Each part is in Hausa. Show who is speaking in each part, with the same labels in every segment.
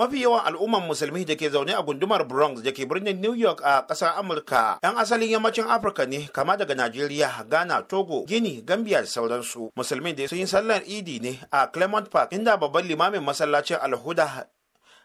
Speaker 1: mafi yawan al'umman musulmi da ke zaune a gundumar bronx da ke birnin new york a ƙasar amurka 'yan asalin yammacin afirka ne kama daga najeriya ghana togo gini gambia da sauransu musulmi da sun yi sallar idi ne a clement park inda babban limamin masallacin alhuda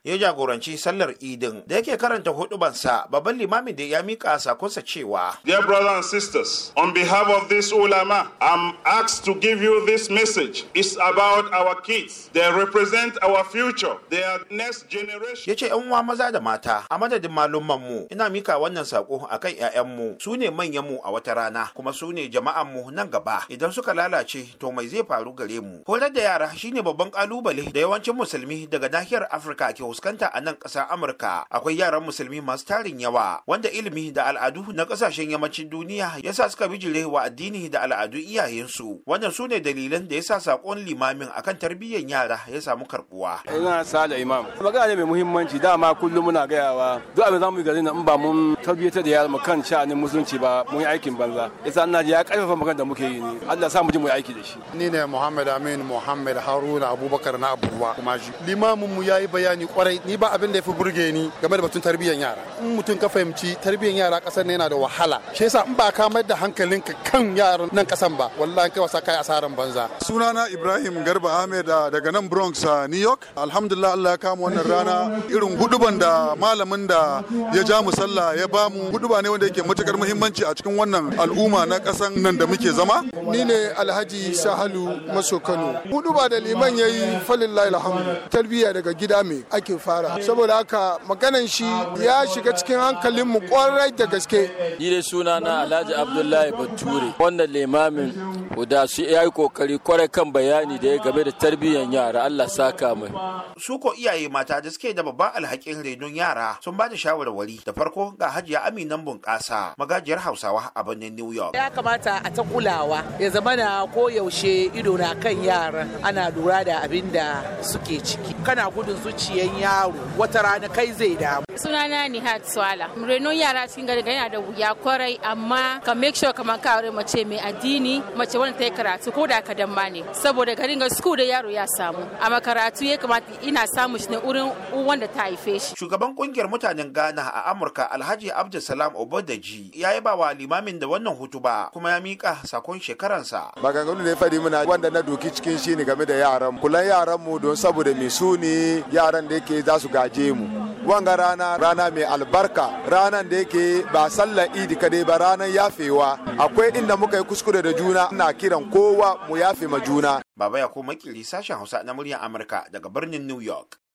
Speaker 1: ya jagoranci sallar idin da yake karanta hudubansa babban limamin da ya mika sakonsa cewa dear brothers and sisters on behalf of this ulama i'm asked to give you this message it's about our kids they represent our future they are next generation yace yan uwa maza da mata a madadin malumman mu ina mika wannan sako akan ƴaƴan mu su ne manyan mu a wata rana kuma su ne jama'an mu nan gaba idan suka lalace to mai zai faru gare mu horar da yara shine babban kalubale da yawancin musulmi daga nahiyar afirka ke fuskanta a nan ƙasar Amurka akwai yaran musulmi masu tarin yawa wanda ilimi da al'adu na ƙasashen yammacin duniya yasa suka bijire wa addini da al'adu iyayensu wannan su ne dalilan da yasa sakon limamin akan tarbiyyar yara ya samu karbuwa. Ina sala imam. Magana ne mai muhimmanci dama kullum muna gayawa duk abin zamu yi na in ba mun tarbiyyar da yaran mu kan sha'anin musulunci ba mun yi aikin banza. Yasa ina ji ya karfafa magana da muke yi ne. Allah sa mu ji mu yi aiki da shi. Ni ne Muhammad Amin Muhammad Haruna Abubakar na Abuwa kuma Limamin mu ya yi bayani kwarai ni ba abin da yafi burge ni game da batun tarbiyyar yara in mutum ka fahimci tarbiyyar yara kasar ne yana da wahala shi yasa in ba ka mai da hankalinka kan yaran nan kasan ba wallahi kai wasa kai asaran banza sunana Ibrahim Garba Ahmed ah, daga nan Bronx a ah, New York alhamdulillah Allah ya kama wannan rana irin guduban da malamin da ya ja mu sallah ya ba mu guduba ne wanda yake matukar muhimmanci a cikin wannan al'umma na kasan nan da muke zama ni ne Alhaji Sahalu Maso Kano guduba da liman yayi falillahi alhamdu tarbiyya daga gida mai ake fara saboda haka maganan shi ya shiga cikin hankalin mu kwarai da gaske ni dai suna na Alhaji Abdullahi Bature wannan limamin guda shi ya yi kokari kwarai kan bayani da ya game da tarbiyyar yara Allah saka mai su ko iyaye mata da suke da babban alhakin renon yara sun ba da shawarwari da farko ga Hajiya Aminan Bunƙasa magajiyar Hausawa a birnin New York ya kamata a ta kulawa ya na ko yaushe ido na kan yara ana lura da abin da suke ciki kana gudun zuciyar yaro wata rana kai zai damu sunana ni hat swala yara cikin gari yana da wuya kwarai amma ka make sure kamar ka aure mace mai addini mace wanda ta yi karatu ko da kadan ma ne saboda garin ga school da yaro ya samu amma karatu ya kamata ina samu shi ne uwan wanda ta haife shi shugaban kungiyar mutanen Ghana a Amurka Alhaji Abdulsalam Obodaji ya yi bawa limamin da wannan hutu ba, kuma ya mika sakon shekaransa maganganu ne fadi muna wanda na doki cikin shi ne game da yaran kulan yaran mu don saboda mai su ne yaran da yake za su gaje mu wanga rana rana mai albarka ranan da yake ba sallar idi kadai ba ranan yafewa akwai inda muka yi kuskure da juna ina kiran kowa mu yafe ma juna baba ya ko makili sashen hausa na muryar amurka daga birnin new york